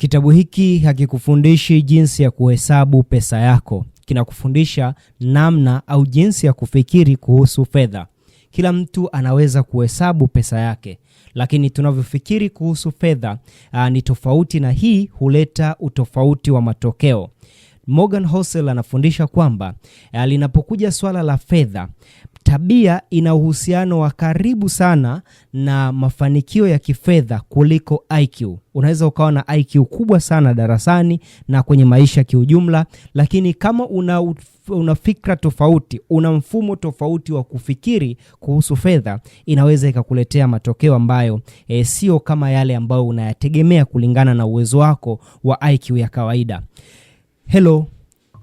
Kitabu hiki hakikufundishi jinsi ya kuhesabu pesa yako, kinakufundisha namna au jinsi ya kufikiri kuhusu fedha. Kila mtu anaweza kuhesabu pesa yake, lakini tunavyofikiri kuhusu fedha ah, ni tofauti, na hii huleta utofauti wa matokeo. Morgan Housel anafundisha kwamba eh, linapokuja swala la fedha, tabia ina uhusiano wa karibu sana na mafanikio ya kifedha kuliko IQ. Unaweza ukawa na IQ kubwa sana darasani na kwenye maisha kiujumla, lakini kama una, una fikra tofauti, una mfumo tofauti wa kufikiri kuhusu fedha, inaweza ikakuletea matokeo ambayo e, sio kama yale ambayo unayategemea kulingana na uwezo wako wa IQ ya kawaida. Hello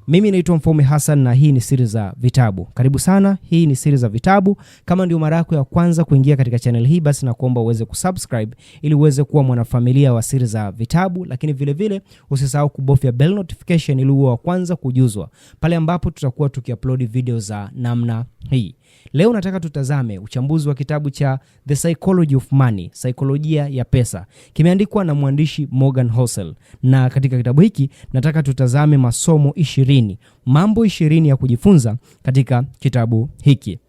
Mimi naitwa Mfaume Hassan na hii ni Siri za Vitabu. Karibu sana, hii ni Siri za Vitabu. Kama ndio mara yako ya kwanza kuingia katika chanel hii, basi nakuomba uweze kusubscribe ili uweze kuwa mwanafamilia wa Siri za Vitabu, lakini vilevile usisahau kubofya bell notification ili uwe wa kwanza kujuzwa pale ambapo tutakuwa tukiupload video za namna hii. Leo nataka tutazame uchambuzi wa kitabu cha The Psychology of Money, saikolojia ya pesa. Kimeandikwa na mwandishi Morgan Housel, na katika kitabu hiki nataka tutazame masomo ishirini ishirini mambo ishirini ya kujifunza katika kitabu hiki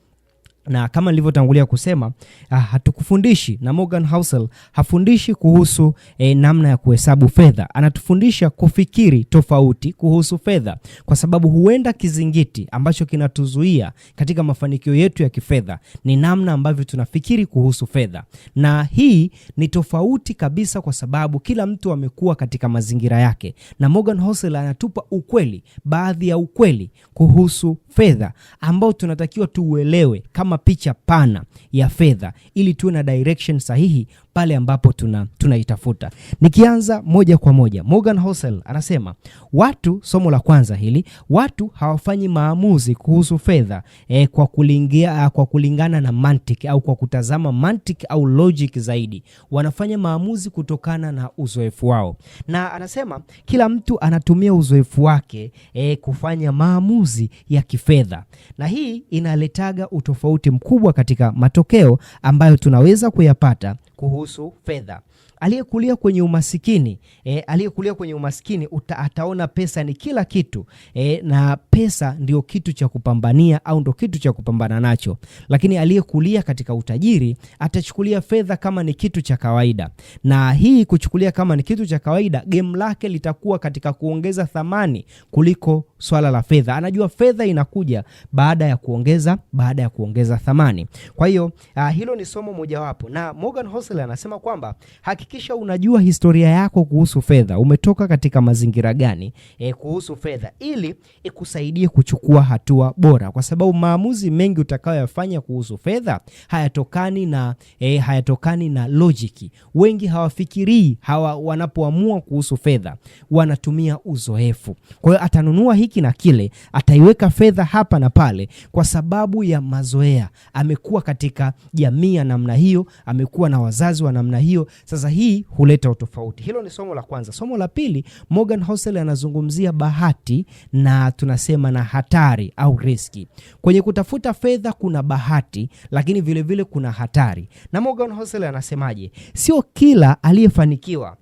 na kama nilivyotangulia kusema ah, hatukufundishi na Morgan Housel hafundishi kuhusu eh, namna ya kuhesabu fedha. Anatufundisha kufikiri tofauti kuhusu fedha, kwa sababu huenda kizingiti ambacho kinatuzuia katika mafanikio yetu ya kifedha ni namna ambavyo tunafikiri kuhusu fedha, na hii ni tofauti kabisa, kwa sababu kila mtu amekuwa katika mazingira yake, na Morgan Housel anatupa ukweli, baadhi ya ukweli kuhusu fedha ambao tunatakiwa tuuelewe kama picha pana ya fedha ili tuwe na direction sahihi pale ambapo tunaitafuta tuna. Nikianza moja kwa moja, Morgan Housel anasema watu, somo la kwanza hili, watu hawafanyi maamuzi kuhusu fedha eh, kwa, kulingia, ah, kwa kulingana na mantiki au kwa kutazama mantiki au logic zaidi, wanafanya maamuzi kutokana na uzoefu wao, na anasema kila mtu anatumia uzoefu wake eh, kufanya maamuzi ya kifedha, na hii inaletaga utofauti mkubwa katika matokeo ambayo tunaweza kuyapata kuhusu fedha. aliyekulia kwenye umasikini e, aliyekulia kwenye umasikini uta, ataona pesa ni kila kitu e, na pesa ndio kitu cha kupambania au ndio kitu cha kupambana nacho, lakini aliyekulia katika utajiri atachukulia fedha kama ni kitu cha kawaida, na hii kuchukulia kama ni kitu cha kawaida, game lake litakuwa katika kuongeza thamani kuliko swala la fedha. Anajua fedha inakuja baada ya kuongeza baada ya kuongeza thamani. Kwa hiyo uh, hilo ni somo mojawapo, na Morgan Housel anasema kwamba haki hakikisha unajua historia yako kuhusu fedha, umetoka katika mazingira gani e, kuhusu fedha, ili ikusaidie kuchukua hatua bora, kwa sababu maamuzi mengi utakayoyafanya kuhusu fedha hayatokani na e, hayatokani na logic. Wengi hawafikirii hawa, wanapoamua kuhusu fedha wanatumia uzoefu. Kwa hiyo atanunua hiki na kile, ataiweka fedha hapa na pale, kwa sababu ya mazoea. Amekuwa katika jamii ya namna hiyo, amekuwa na wazazi wa namna hiyo, sasa hii huleta utofauti. Hilo ni somo la kwanza. Somo la pili, Morgan Housel anazungumzia bahati na tunasema na hatari au riski. Kwenye kutafuta fedha kuna bahati, lakini vilevile vile kuna hatari. Na Morgan Housel anasemaje? Sio kila aliyefanikiwa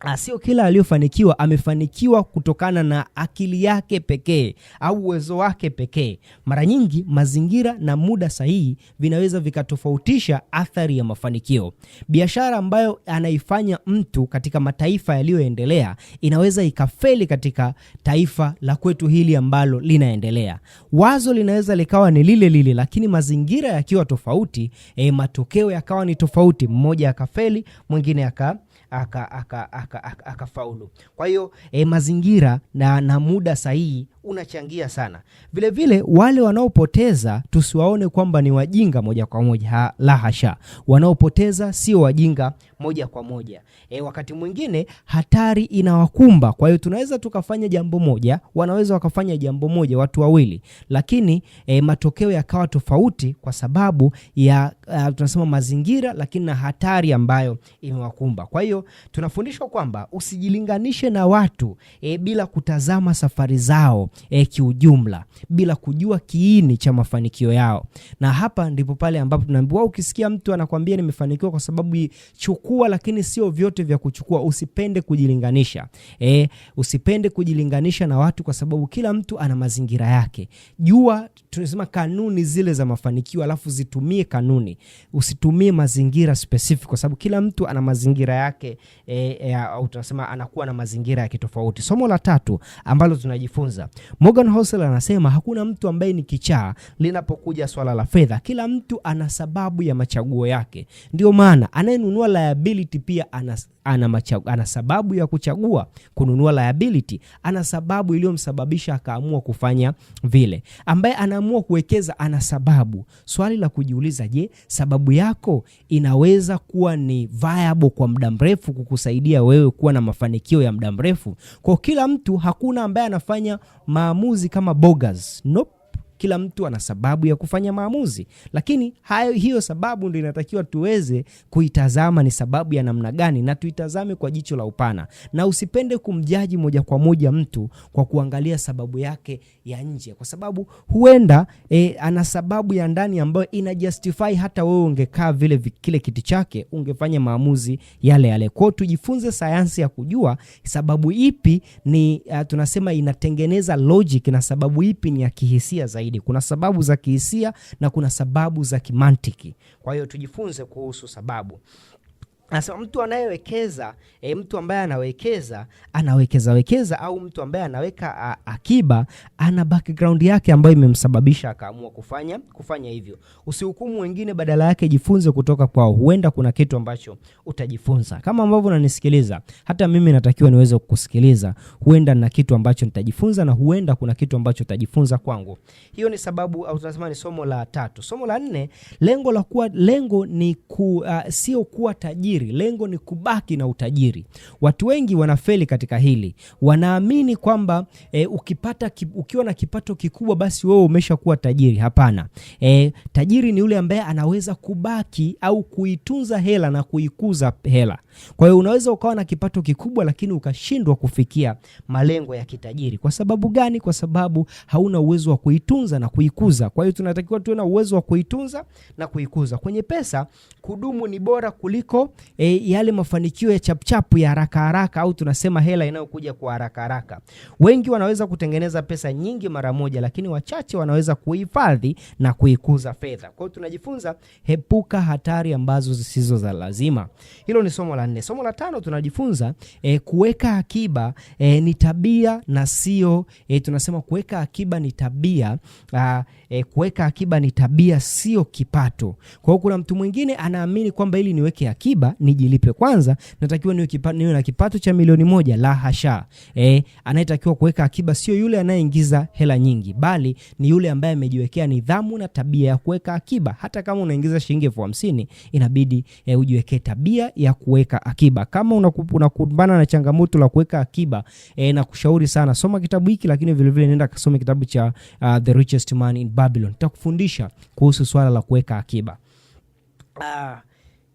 Ah, sio kila aliyofanikiwa amefanikiwa kutokana na akili yake pekee au uwezo wake pekee. Mara nyingi mazingira na muda sahihi vinaweza vikatofautisha athari ya mafanikio. Biashara ambayo anaifanya mtu katika mataifa yaliyoendelea inaweza ikafeli katika taifa la kwetu hili ambalo linaendelea. Wazo linaweza likawa ni lile lile, lakini mazingira yakiwa tofauti, e, matokeo yakawa ni tofauti, mmoja akafeli, mwingine aka akafaulu aka, aka, aka, aka. Kwa hiyo e, mazingira na, na muda sahihi unachangia sana. Vilevile wale wanaopoteza tusiwaone kwamba ni wajinga moja kwa moja ha, la hasha. Wanaopoteza sio wajinga moja kwa moja. E, wakati mwingine hatari inawakumba. Kwa hiyo tunaweza tukafanya jambo moja, wanaweza wakafanya jambo moja watu wawili, lakini e, matokeo yakawa tofauti kwa sababu ya uh, tunasema mazingira, lakini na hatari ambayo imewakumba. Kwa hiyo tunafundishwa kwamba usijilinganishe na watu e, bila kutazama safari zao eh, kiujumla bila kujua kiini cha mafanikio yao. Na hapa ndipo pale ambapo tunaambiwa, ukisikia mtu anakwambia nimefanikiwa kwa sababu chukua, lakini sio vyote vya kuchukua. Usipende kujilinganisha eh, usipende kujilinganisha na watu, kwa sababu kila mtu ana mazingira yake. Jua tunasema kanuni zile za mafanikio, alafu zitumie kanuni, usitumie mazingira specific, kwa sababu kila mtu ana mazingira yake eh, eh, utasema anakuwa na mazingira yake tofauti. Somo la tatu ambalo tunajifunza Morgan Housel anasema hakuna mtu ambaye ni kichaa linapokuja swala la fedha. Kila mtu ana sababu ya machaguo yake, ndio maana anayenunua liability pia ana ana, machagu, ana sababu ya kuchagua kununua liability, ana sababu iliyomsababisha akaamua kufanya vile. Ambaye anaamua kuwekeza ana sababu. Swali la kujiuliza, je, sababu yako inaweza kuwa ni viable kwa muda mrefu kukusaidia wewe kuwa na mafanikio ya muda mrefu? Kwa kila mtu, hakuna ambaye anafanya maamuzi kama bogus. Nope. Kila mtu ana sababu ya kufanya maamuzi, lakini hayo, hiyo sababu ndio inatakiwa tuweze kuitazama ni sababu ya namna gani, na tuitazame kwa jicho la upana, na usipende kumjaji moja kwa moja mtu kwa kuangalia sababu yake ya nje, kwa sababu huenda e, ana sababu ya ndani ambayo ina justify hata wewe ungekaa vile kile kiti chake ungefanya maamuzi yale yale. Kwao tujifunze sayansi ya kujua sababu ipi ni uh, tunasema inatengeneza logic na sababu ipi ni ya kihisia zaidi zaidi. Kuna sababu za kihisia na kuna sababu za kimantiki. Kwa hiyo tujifunze kuhusu sababu. Anasema mtu anayewekeza e, mtu ambaye anawekeza anawekeza wekeza au mtu ambaye anaweka a, akiba ana background yake ambayo imemsababisha akaamua kufanya kufanya hivyo. Usihukumu wengine, badala yake jifunze kutoka kwao. Huenda kuna kitu ambacho utajifunza. Kama ambavyo unanisikiliza, hata mimi natakiwa niweze kukusikiliza. Huenda na kitu ambacho nitajifunza na huenda kuna kitu ambacho utajifunza kwangu. Hiyo ni sababu au tunasema ni somo la tatu. Somo la nne, lengo la kuwa lengo ni ku, uh, sio kuwa tajiri utajiri. Lengo ni kubaki na utajiri. Watu wengi wanafeli katika hili, wanaamini kwamba e, ukipata ukiwa na kipato kikubwa basi wewe umeshakuwa tajiri. Hapana. E, tajiri ni yule ambaye anaweza kubaki au kuitunza hela na kuikuza hela. Kwa hiyo unaweza ukawa na kipato kikubwa lakini ukashindwa kufikia malengo ya kitajiri. Kwa sababu gani? Kwa sababu hauna uwezo wa kuitunza na kuikuza. Kwa hiyo tunatakiwa tuwe na uwezo wa kuitunza na kuikuza. Kwenye pesa, kudumu ni bora kuliko e, yale mafanikio ya chapchapu ya haraka haraka, au tunasema hela inayokuja kwa haraka haraka. Wengi wanaweza kutengeneza pesa nyingi mara moja, lakini wachache wanaweza kuhifadhi na kuikuza fedha. Kwa hiyo tunajifunza, hepuka hatari ambazo zisizo za lazima. Hilo ni somo la nne. Somo la tano tunajifunza e, kuweka akiba e, ni tabia na sio e, tunasema kuweka akiba ni tabia a, e, kuweka akiba ni tabia, sio kipato. Kwa hiyo kuna mtu mwingine anaamini kwamba ili niweke akiba nijilipe kwanza, natakiwa niwe, kipa, niwe na kipato cha milioni moja. La hasha! E, anayetakiwa kuweka akiba sio yule anayeingiza hela nyingi, bali ni yule ambaye amejiwekea nidhamu na tabia ya kuweka akiba. Hata kama unaingiza shilingi elfu hamsini inabidi e, ujiwekee tabia ya kuweka akiba. Kama unakumbana na changamoto la kuweka akiba e, na kushauri sana, soma kitabu hiki, lakini vilevile nenda kasome kitabu cha uh, The Richest Man in Babylon. Nitakufundisha kuhusu swala la kuweka akiba. Ah,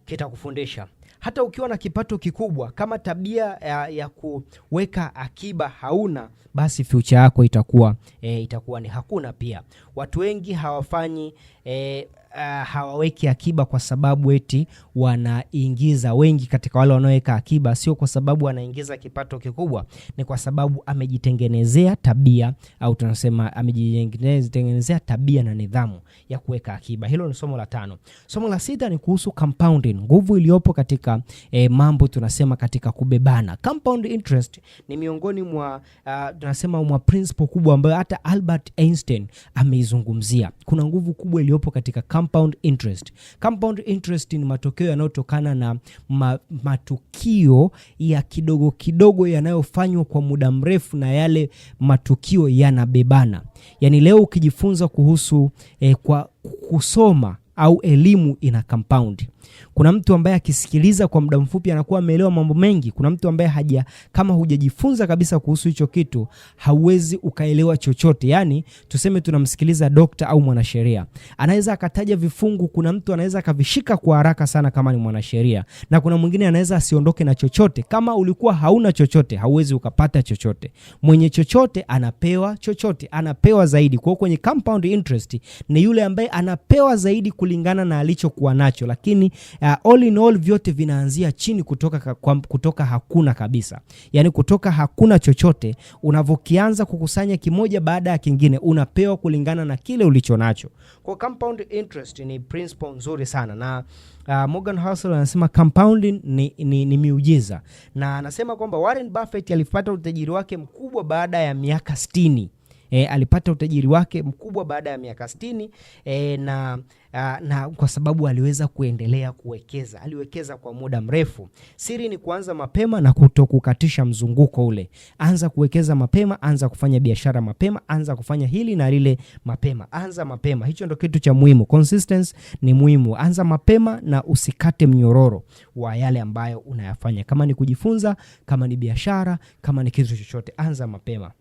kitakufundisha hata ukiwa na kipato kikubwa, kama tabia ya, ya kuweka akiba hauna, basi fyucha yako itakuwa e, itakuwa ni hakuna. Pia watu wengi hawafanyi e, uh, hawaweki akiba kwa sababu eti wanaingiza wengi katika wale wanaoweka akiba, sio kwa sababu wanaingiza kipato kikubwa, ni kwa sababu amejitengenezea tabia au tunasema amejitengenezea tabia na nidhamu ya kuweka akiba. Hilo ni somo la tano. Somo la sita ni kuhusu compounding, nguvu iliyopo katika e, mambo tunasema katika kubebana. Compound interest ni miongoni mwa uh, tunasema mwa principle kubwa ambayo hata Albert Einstein ameizungumzia. Kuna nguvu kubwa iliyopo katika compound interest. Compound interest ni matokeo yanayotokana na ma, matukio ya kidogo kidogo yanayofanywa kwa muda mrefu na yale matukio yanabebana. Yaani leo ukijifunza kuhusu eh, kwa kusoma au elimu ina compound kuna mtu ambaye akisikiliza kwa muda mfupi anakuwa ameelewa mambo mengi. Kuna mtu ambaye haja, kama hujajifunza kabisa kuhusu hicho kitu hauwezi ukaelewa chochote. Yaani tuseme tunamsikiliza dokta au mwanasheria, anaweza akataja vifungu. Kuna mtu anaweza akavishika kwa haraka sana kama ni mwanasheria, na kuna mwingine anaweza asiondoke na chochote. Kama ulikuwa hauna chochote, hauwezi ukapata chochote. Mwenye chochote anapewa chochote, anapewa zaidi. Kwa hiyo kwenye compound interest ni yule ambaye anapewa zaidi kulingana na alichokuwa nacho, lakini uh, all in all vyote vinaanzia chini kutoka, kwa, kutoka hakuna kabisa, yaani kutoka hakuna chochote. Unavyokianza kukusanya kimoja baada ya kingine, unapewa kulingana na kile ulicho nacho. Kwa compound interest ni principle nzuri sana na Uh, Morgan Housel anasema compounding ni, ni, ni miujiza na anasema kwamba Warren Buffett alipata utajiri wake mkubwa baada ya miaka 60. E, eh, alipata utajiri wake mkubwa baada ya miaka 60 e, eh, na uh, na kwa sababu aliweza kuendelea kuwekeza, aliwekeza kwa muda mrefu. Siri ni kuanza mapema na kutokukatisha mzunguko ule. Anza kuwekeza mapema, anza kufanya biashara mapema, anza kufanya hili na lile mapema, anza mapema. Hicho ndo kitu cha muhimu. Consistency ni muhimu, anza mapema na usikate mnyororo wa yale ambayo unayafanya, kama ni kujifunza, kama ni biashara, kama ni kitu chochote, anza mapema.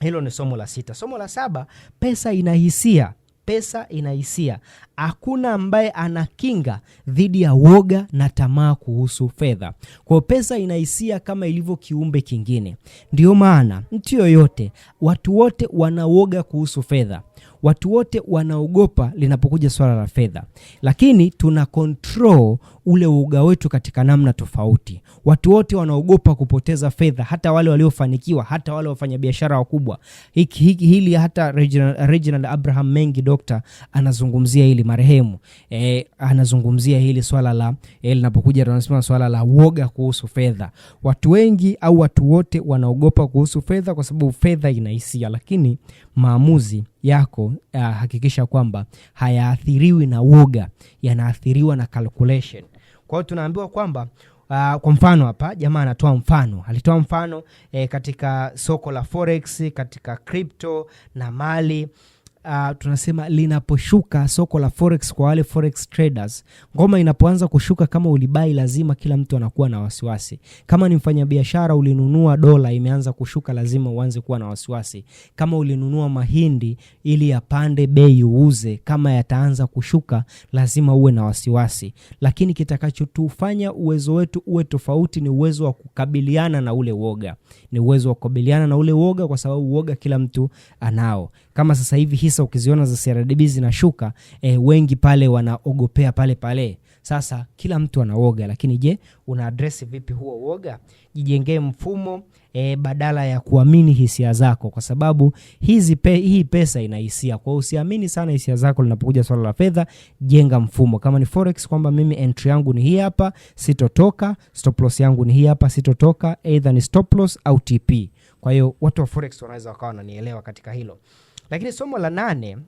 Hilo ni somo la sita. Somo la saba, pesa ina hisia pesa ina hisia. Hakuna ambaye ana kinga dhidi ya woga na tamaa kuhusu fedha. Kwa pesa ina hisia kama ilivyo kiumbe kingine. Ndiyo maana mtu yoyote, watu wote wanawoga kuhusu fedha. Watu wote wanaogopa linapokuja swala la fedha, lakini tuna control ule uoga wetu katika namna tofauti. Watu wote wanaogopa kupoteza fedha, hata wale waliofanikiwa, hata wale wafanyabiashara wakubwa. Hiki, hiki, hili hata Reginald, Reginald Abraham Mengi dokta anazungumzia hili marehemu e, anazungumzia hili swala la e, linapokuja tunasema swala la uoga kuhusu fedha. Watu wengi au watu wote wanaogopa kuhusu fedha kwa sababu fedha ina hisia, lakini maamuzi yako uh, hakikisha kwamba hayaathiriwi na woga, yanaathiriwa na calculation. Kwa hiyo tunaambiwa kwamba Uh, kwa mfano hapa jamaa anatoa mfano, alitoa mfano eh, katika soko la forex, katika crypto na mali uh, tunasema linaposhuka soko la forex kwa wale forex traders, ngoma inapoanza kushuka, kama ulibai, lazima kila mtu anakuwa na wasiwasi. Kama ni mfanyabiashara, ulinunua dola, imeanza kushuka, lazima uanze kuwa na wasiwasi. Kama ulinunua mahindi ili yapande bei uuze, kama yataanza kushuka, lazima uwe na wasiwasi. Lakini kitakachotufanya uwezo wetu uwe tofauti ni uwezo wa kukabiliana na ule woga ni uwezo wa kukabiliana na ule uoga, kwa sababu woga kila mtu anao kama sasa hivi hisa ukiziona za CRDB zinashuka e, wengi pale wanaogopea pale pale. Sasa kila mtu anaoga, lakini je, una address vipi huo uoga? Jijengee mfumo e, badala ya kuamini hisia zako, kwa sababu hizi pe, hii pesa ina hisia. Kwa hiyo usiamini sana hisia zako linapokuja swala la fedha. Jenga mfumo kama ni forex, kwamba mimi entry yangu ni hii hapa, sitotoka. Stop loss yangu ni hii hapa, sitotoka. Either ni stop loss au TP. Kwa hiyo watu wa forex wanaweza wakawa wananielewa katika hilo. Lakini somo la nane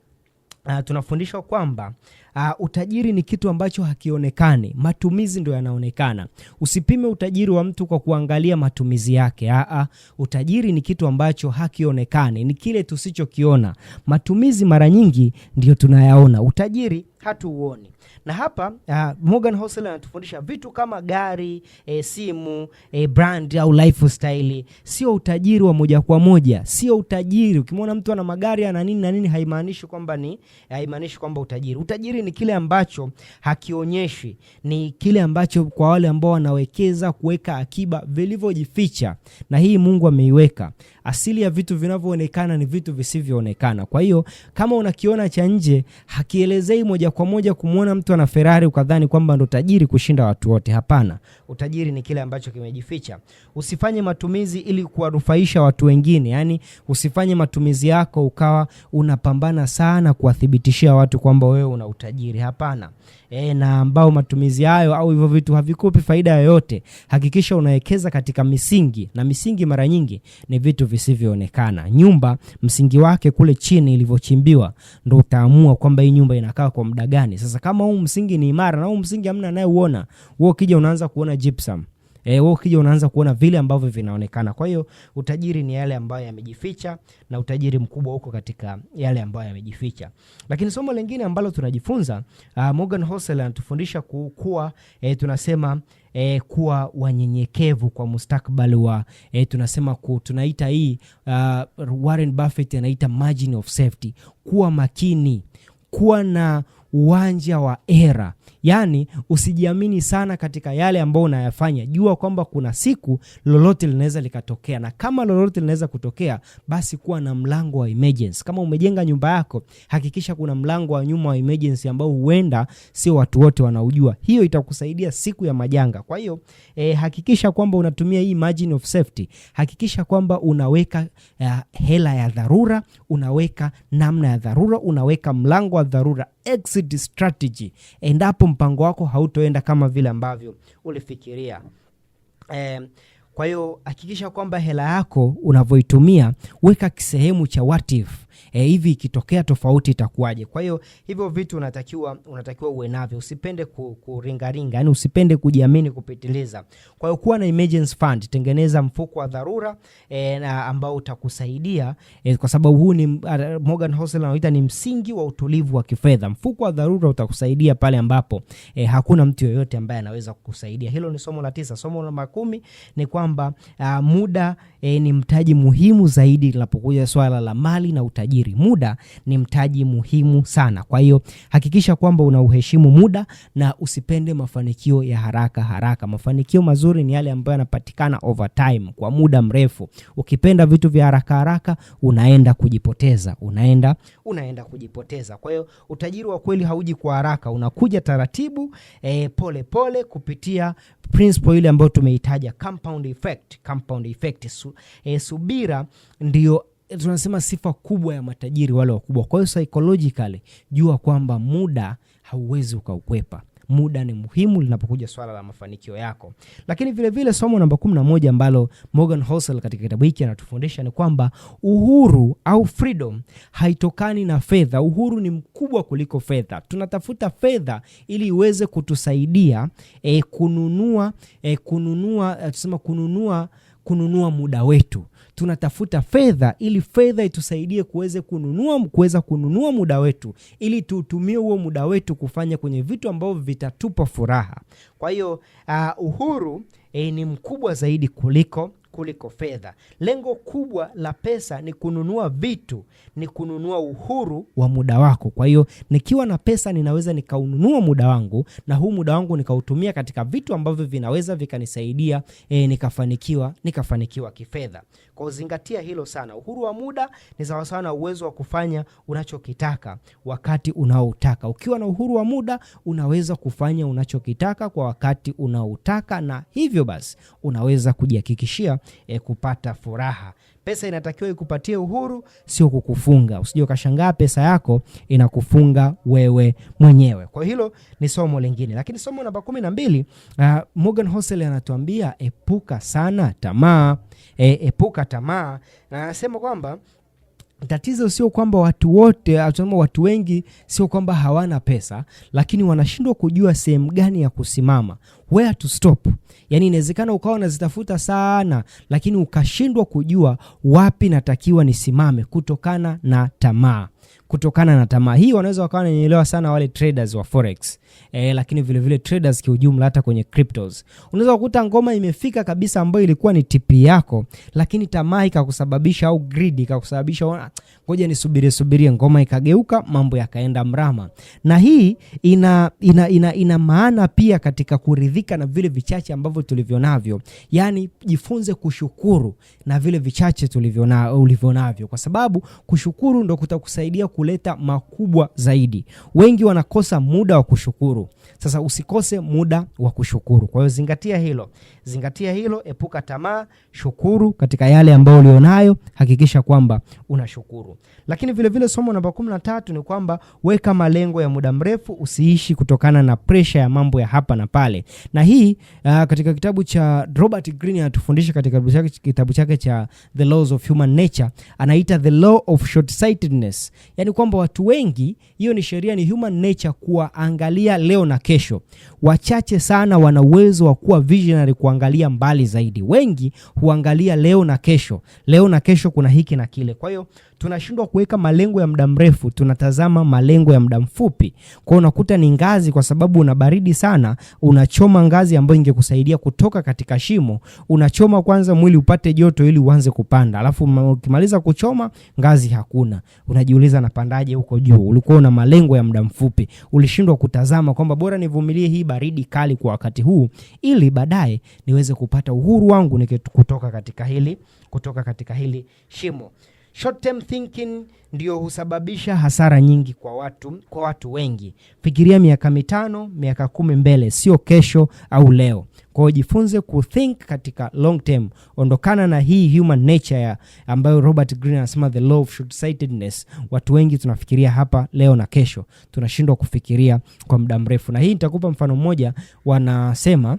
Uh, tunafundishwa kwamba uh, utajiri ni kitu ambacho hakionekani, matumizi ndio yanaonekana. Usipime utajiri wa mtu kwa kuangalia matumizi yake. Aa, ah, utajiri ni kitu ambacho hakionekani, ni kile tusichokiona. Matumizi mara nyingi ndio tunayaona, utajiri hatuuoni na hapa uh, Morgan Housel anatufundisha vitu kama gari e, simu e, brand au lifestyle. Sio utajiri wa moja kwa moja, sio utajiri. Ukimwona mtu ana magari ana nini na nini, haimaanishi kwamba ni haimaanishi kwamba utajiri. Utajiri ni kile ambacho hakionyeshi, ni kile ambacho kwa wale ambao wanawekeza kuweka akiba vilivyojificha, na hii Mungu ameiweka. Asili ya vitu vinavyoonekana ni vitu visivyoonekana. Kwa hiyo kama unakiona cha nje hakielezei moja kwa moja kumwona mtu na Ferrari ukadhani kwamba ndo tajiri kushinda watu wote. Hapana, utajiri ni kile ambacho kimejificha. Usifanye matumizi ili kuwanufaisha watu wengine, yani usifanye matumizi yako ukawa unapambana sana kuwathibitishia watu kwamba wewe una utajiri. Hapana. E, na ambao matumizi hayo au hivyo vitu havikupi faida yoyote, hakikisha unawekeza katika misingi, na misingi mara nyingi ni vitu visivyoonekana. Nyumba msingi wake kule chini ilivyochimbiwa, ndo utaamua kwamba hii nyumba inakaa kwa muda gani. Sasa kama huu msingi ni imara na huu msingi hamna anayeuona. Wewe ukija unaanza kuona gypsum. Eh, wewe ukija unaanza kuona vile ambavyo vinaonekana. Kwa hiyo utajiri ni yale ambayo yamejificha na utajiri mkubwa uko katika yale ambayo yamejificha. Lakini somo lingine ambalo tunajifunza uh, Morgan Housel anatufundisha kuwa eh, tunasema E, kuwa wanyenyekevu kwa mustakabali wa e, tunasema ku, tunaita hii uh, Warren Buffett anaita margin of safety, kuwa makini, kuwa na uwanja wa era, yaani usijiamini sana katika yale ambayo unayafanya. Jua kwamba kuna siku lolote linaweza likatokea, na kama lolote linaweza kutokea, basi kuwa na mlango wa emergency. Kama umejenga nyumba yako, hakikisha kuna mlango wa nyuma wa emergency ambao huenda sio watu wote wanaujua. Hiyo itakusaidia siku ya majanga. Kwa hiyo eh, hakikisha kwamba unatumia hii margin of safety, hakikisha kwamba unaweka eh, hela ya dharura, unaweka namna ya dharura, unaweka mlango wa dharura exit strategy endapo mpango wako hautoenda kama vile ambavyo ulifikiria. Eh, kwa hiyo hakikisha kwamba hela yako unavyoitumia weka kisehemu cha what if e, hivi ikitokea tofauti itakuwaje? Kwa hiyo hivyo vitu unatakiwa unatakiwa uwe navyo, usipende kuringaringa, yani usipende kujiamini kupitiliza. Kwa hiyo kuwa na emergency fund, tengeneza mfuko wa dharura e, na ambao utakusaidia e, kwa sababu huu ni ah, Morgan Housel anaoita ni msingi wa utulivu wa kifedha. Mfuko wa dharura utakusaidia pale ambapo e, hakuna mtu yoyote ambaye anaweza kukusaidia. Hilo ni somo la tisa. Somo la makumi ni kwamba a, ah, muda e, ni mtaji muhimu zaidi linapokuja swala la mali na utaji utajiri. Muda ni mtaji muhimu sana, kwa hiyo hakikisha kwamba unauheshimu muda na usipende mafanikio ya haraka haraka. Mafanikio mazuri ni yale ambayo yanapatikana over time, kwa muda mrefu. Ukipenda vitu vya haraka haraka unaenda kujipoteza, unaenda unaenda kujipoteza. Kwa hiyo utajiri wa kweli hauji kwa haraka, unakuja taratibu e, pole pole kupitia principle ile ambayo tumeitaja compound effect. Compound effect. Su, e, subira ndio tunasema sifa kubwa ya matajiri wale wakubwa. Kwa hiyo psychologically, jua kwamba muda hauwezi ukaukwepa. Muda ni muhimu linapokuja swala la mafanikio yako. Lakini vilevile somo namba 11 ambalo Morgan Housel katika kitabu hiki anatufundisha ni kwamba uhuru au freedom haitokani na fedha. Uhuru ni mkubwa kuliko fedha. Tunatafuta fedha ili iweze kutusaidia e, kununua e, kununua eh, tusema kununua kununua muda wetu tunatafuta fedha ili fedha itusaidie kuweze kununua kuweza kununua muda wetu ili tuutumie huo muda wetu kufanya kwenye vitu ambavyo vitatupa furaha kwa hiyo uh, uhuru eh, ni mkubwa zaidi kuliko kuliko fedha. Lengo kubwa la pesa ni kununua vitu, ni kununua uhuru wa muda wako. Kwa hiyo nikiwa na pesa ninaweza nikaununua muda wangu, na huu muda wangu nikautumia katika vitu ambavyo vinaweza vikanisaidia e, nikafanikiwa nikafanikiwa kifedha. Kwa uzingatia hilo sana, uhuru wa muda ni sawasawa na uwezo wa kufanya unachokitaka wakati unaoutaka. Ukiwa na uhuru wa muda unaweza kufanya unachokitaka kwa wakati unaoutaka, na hivyo basi unaweza kujihakikishia e, kupata furaha. Pesa inatakiwa ikupatie uhuru, sio kukufunga. Usije ukashangaa pesa yako inakufunga wewe mwenyewe. Kwa hilo ni somo lingine, lakini somo namba kumi na mbili, uh, Morgan Housel anatuambia epuka sana tamaa e, epuka tamaa, na anasema kwamba Tatizo sio kwamba watu wote, watu wengi sio kwamba hawana pesa, lakini wanashindwa kujua sehemu gani ya kusimama, where to stop. Yani inawezekana ukawa unazitafuta sana, lakini ukashindwa kujua wapi natakiwa nisimame kutokana na tamaa kutokana na tamaa hii. Wanaweza wakawa wananielewa sana wale traders wa forex e, lakini vile vile traders kiujumla, hata kwenye cryptos unaweza kukuta ngoma imefika kabisa ambayo ilikuwa ni tipi yako, lakini tamaa ikakusababisha au greed ikakusababisha, ona, ngoja nisubirie subirie, ngoma ikageuka, mambo yakaenda mrama. Na hii ina, ina, ina, ina maana pia katika kuridhika na vile vichache ambavyo tulivyo navyo, yaani jifunze kushukuru na vile vichache tulivyonavyo, ulivyonavyo, kwa sababu kushukuru ndo kutakusaidia ku kuleta makubwa zaidi. Wengi wanakosa muda wa kushukuru. Sasa usikose muda wa kushukuru. Kwa hiyo zingatia hilo, zingatia hilo, epuka tamaa, shukuru katika yale ambayo ulionayo, hakikisha kwamba unashukuru. Lakini vilevile vile somo namba kumi na tatu ni kwamba weka malengo ya muda mrefu, usiishi kutokana na presha ya mambo ya hapa na pale. Na hii uh, katika kitabu cha Robert Greene anatufundisha katika kitabu chake cha The Laws of Human Nature, anaita The Law of Short-sightedness. Yani ni kwamba watu wengi, hiyo ni sheria, ni human nature kuwaangalia leo na kesho. Wachache sana wana uwezo wa kuwa visionary, kuangalia mbali zaidi. Wengi huangalia leo na kesho, leo na kesho, kuna hiki na kile, kwa hiyo tunashindwa kuweka malengo ya muda mrefu, tunatazama malengo ya muda mfupi. Kwa hiyo unakuta ni ngazi, kwa sababu una baridi sana, unachoma ngazi ambayo ingekusaidia kutoka katika shimo. Unachoma kwanza mwili upate joto ili uanze kupanda, alafu ukimaliza kuchoma ngazi hakuna. Unajiuliza, napandaje huko juu? Ulikuwa una malengo ya muda mfupi, ulishindwa kutazama kwamba bora nivumilie hii baridi kali kwa wakati huu ili baadaye niweze kupata uhuru wangu nikitoka katika hili kutoka katika hili shimo. Short term thinking ndio husababisha hasara nyingi kwa watu, kwa watu wengi. Fikiria miaka mitano, miaka kumi mbele, sio kesho au leo. Kwa hiyo jifunze kuthink katika long term. Ondokana na hii human nature ya ambayo Robert Greene anasema the law of short-sightedness. Watu wengi tunafikiria hapa leo na kesho, tunashindwa kufikiria kwa muda mrefu, na hii nitakupa mfano mmoja. Wanasema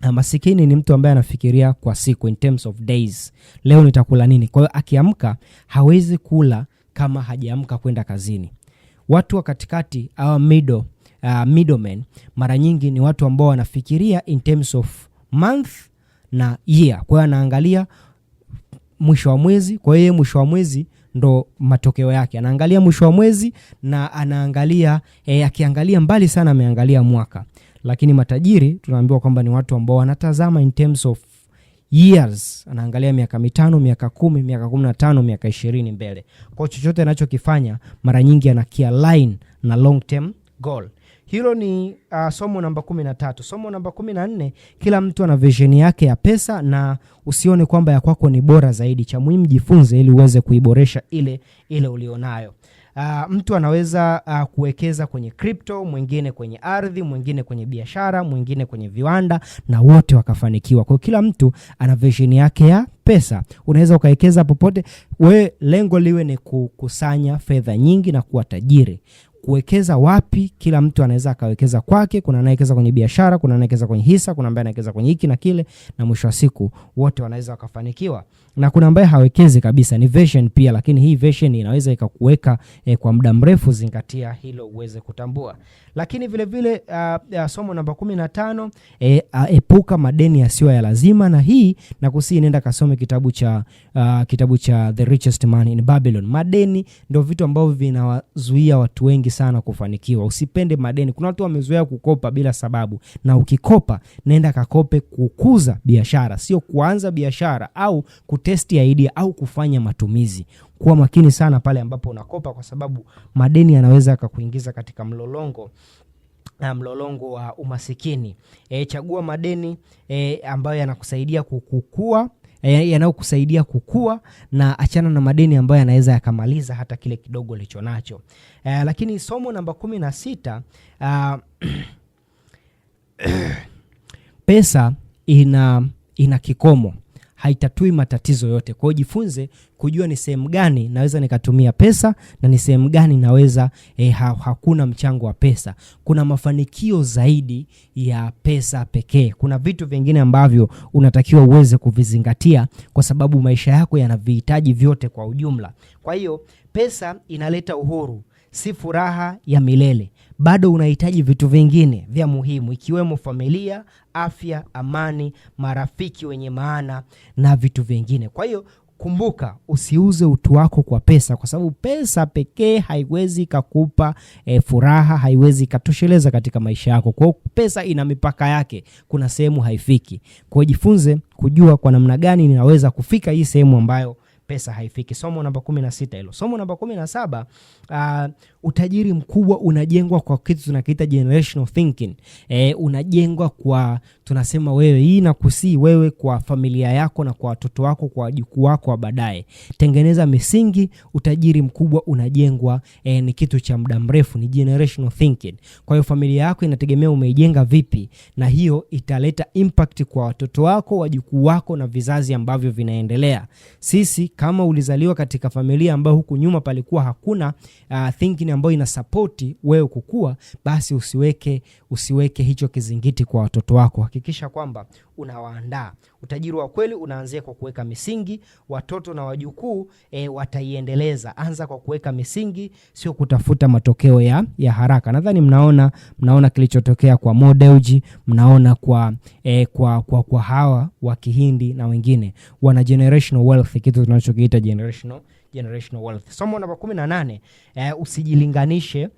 Masikini ni mtu ambaye anafikiria kwa siku, in terms of days, leo nitakula nini. Kwa hiyo akiamka hawezi kula kama hajaamka kwenda kazini. Watu wa katikati au middle, uh, middlemen mara nyingi ni watu ambao wanafikiria in terms of month na year. Kwa hiyo anaangalia mwisho wa mwezi, kwa hiyo mwisho wa mwezi ndo matokeo yake, anaangalia mwisho wa mwezi na anaangalia e, akiangalia mbali sana, ameangalia mwaka lakini matajiri tunaambiwa kwamba ni watu ambao wanatazama in terms of years, anaangalia miaka mitano, miaka kumi, miaka kumi na tano, miaka ishirini mbele. Kwa chochote anachokifanya mara nyingi line na long term goal. Hilo ni uh, somo namba kumi na tatu. Somo namba kumi na nne, kila mtu ana vision yake ya pesa na usione kwamba ya kwako ni bora zaidi. Cha muhimu jifunze ili uweze kuiboresha ile ile ulionayo. Uh, mtu anaweza uh, kuwekeza kwenye kripto, mwingine kwenye ardhi, mwingine kwenye biashara, mwingine kwenye viwanda na wote wakafanikiwa. Kwa kila mtu ana vision yake ya pesa. Unaweza ukawekeza popote, we lengo liwe ni kukusanya fedha nyingi na kuwa tajiri kuwekeza wapi, kila mtu anaweza akawekeza kwake. Kuna anayewekeza kwenye biashara, kuna anayewekeza kwenye hisa, kuna ambaye anawekeza kwenye hiki na kile, na mwisho wa siku wote wanaweza wakafanikiwa, na kuna ambaye hawekezi kabisa. Ni version pia, lakini hii version inaweza ikakuweka eh, kwa muda mrefu. Zingatia hilo uweze kutambua. Lakini vile vile, uh, somo namba kumi na tano eh, uh, epuka madeni yasiyo ya lazima, na hii na nakusii nenda kasome kitabu cha uh, kitabu cha The Richest Man in Babylon. Madeni ndio vitu ambavyo vinawazuia watu wengi nyingi sana kufanikiwa. Usipende madeni. Kuna watu wamezoea kukopa bila sababu, na ukikopa, nenda kakope kukuza biashara, sio kuanza biashara au kutesti idea au kufanya matumizi. Kuwa makini sana pale ambapo unakopa, kwa sababu madeni yanaweza yakakuingiza katika mlolongo mlolongo wa umasikini. E, chagua madeni e, ambayo yanakusaidia kukukua yanayokusaidia kukua na achana na madeni ambayo yanaweza yakamaliza hata kile kidogo ulichonacho. Eh, lakini somo namba kumi na sita uh, pesa ina, ina kikomo haitatui matatizo yote. Kwa hiyo jifunze kujua ni sehemu gani naweza nikatumia pesa na ni sehemu gani naweza eh, ha, hakuna mchango wa pesa. Kuna mafanikio zaidi ya pesa pekee. Kuna vitu vingine ambavyo unatakiwa uweze kuvizingatia, kwa sababu maisha yako yanavihitaji vyote kwa ujumla. Kwa hiyo pesa inaleta uhuru, si furaha ya milele bado unahitaji vitu vingine vya muhimu ikiwemo familia, afya, amani, marafiki wenye maana na vitu vingine. Kwa hiyo kumbuka, usiuze utu wako kwa pesa, kwa sababu pesa pekee haiwezi kakupa e, eh, furaha, haiwezi ikatosheleza katika maisha yako. Kwa hiyo pesa ina mipaka yake, kuna sehemu haifiki. Kwa hiyo jifunze kujua kwa namna gani ninaweza kufika hii sehemu ambayo pesa haifiki. Somo namba kumi na sita hilo. Somo namba kumi na saba uh, utajiri mkubwa unajengwa kwa kitu tunakiita generational thinking. E, unajengwa kwa tunasema wewe hii na kusii wewe kwa familia yako na kwa watoto wako kwa wajukuu wako wa baadaye. Tengeneza misingi, utajiri mkubwa unajengwa e, ni kitu cha muda mrefu, ni generational thinking. Kwa hiyo familia yako inategemea umeijenga vipi, na hiyo italeta impact kwa watoto wako, wajukuu wako na vizazi ambavyo vinaendelea. Sisi kama ulizaliwa katika familia ambayo huku nyuma palikuwa hakuna uh, thinking ambayo ina wewe kukua, basi usiweke usiweke hicho kizingiti kwa watoto wako. Hakikisha kwamba unawaandaa. Utajiri wa kweli unaanzia kwa kuweka misingi. Watoto na wajukuu e, wataiendeleza. Anza kwa kuweka misingi, sio kutafuta matokeo ya, ya haraka. Nadhani mnaona mnaona kilichotokea kwa modeuji mnaona kwa, e, kwa, kwa, kwa hawa wa Kihindi na wengine wana generational wealth, kitu tunacho tunachokiita generational, generational wealth. Somo namba kumi na nane eh, usijilinganishe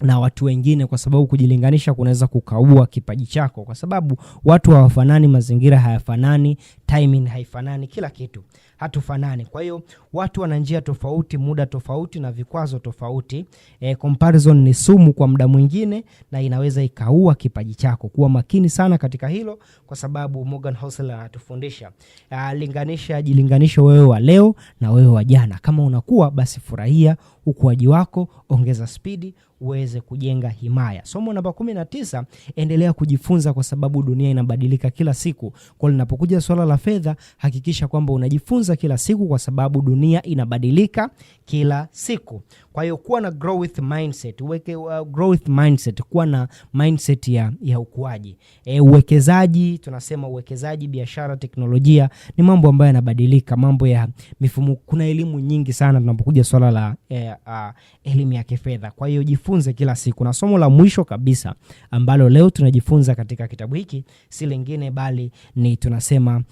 na watu wengine kwa sababu kujilinganisha kunaweza kukaua kipaji chako, kwa sababu watu hawafanani, mazingira hayafanani, timing haifanani, kila kitu hatufanani. Kwa hiyo watu wana njia tofauti, muda tofauti na vikwazo tofauti. E, comparison ni sumu kwa muda mwingine na inaweza ikaua kipaji chako. Kuwa makini sana katika hilo, kwa sababu Morgan Housel anatufundisha ah, linganisha, jilinganisha wewe wa leo na wewe wa jana. Kama unakuwa basi, furahia ukuaji wako, ongeza spidi uweze kujenga himaya. Somo namba kumi na tisa, endelea kujifunza kwa sababu dunia inabadilika kila siku. Kwa linapokuja swala la fedha, hakikisha kwamba unajifunza kujifunza kila siku, kwa sababu dunia inabadilika kila siku. Kwa hiyo kuwa na growth mindset, uweke, uh, growth mindset, kuwa na mindset ya, ya ukuaji e, uwekezaji. Tunasema uwekezaji, biashara, teknolojia ni mambo ambayo yanabadilika, mambo ya mifumo. Kuna elimu nyingi sana tunapokuja swala la eh, uh, elimu ya kifedha. Kwa hiyo jifunze kila siku, na somo la mwisho kabisa ambalo leo tunajifunza katika kitabu hiki si lingine bali ni tunasema,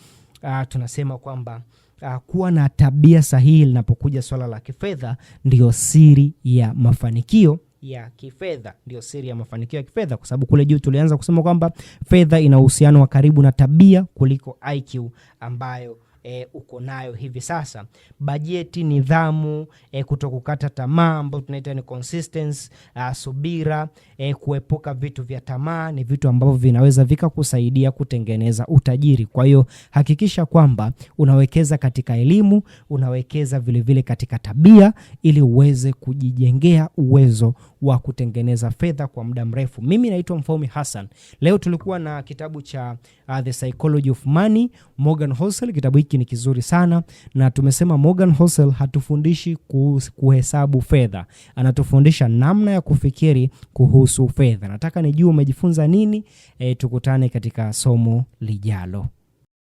uh, tunasema kwamba uh, kuwa na tabia sahihi linapokuja swala la kifedha ndio siri ya mafanikio ya kifedha ndio siri ya mafanikio ya kifedha, kwa sababu kule juu tulianza kusema kwamba fedha ina uhusiano wa karibu na tabia kuliko IQ ambayo e, uko nayo hivi sasa. Bajeti, nidhamu, e, kutokukata tamaa ambayo tunaita ni consistence a, subira, e, kuepuka vitu vya tamaa ni vitu ambavyo vinaweza vikakusaidia kutengeneza utajiri. Kwa hiyo hakikisha kwamba unawekeza katika elimu, unawekeza vilevile vile katika tabia ili uweze kujijengea uwezo wa kutengeneza fedha kwa muda mrefu. Mimi naitwa Mfaume Hassan. Leo tulikuwa na kitabu cha uh, The Psychology of Money, Morgan Housel. Kitabu hiki ni kizuri sana na tumesema Morgan Housel hatufundishi kuhesabu fedha, anatufundisha namna ya kufikiri kuhusu fedha. Nataka nijue umejifunza nini? E, tukutane katika somo lijalo.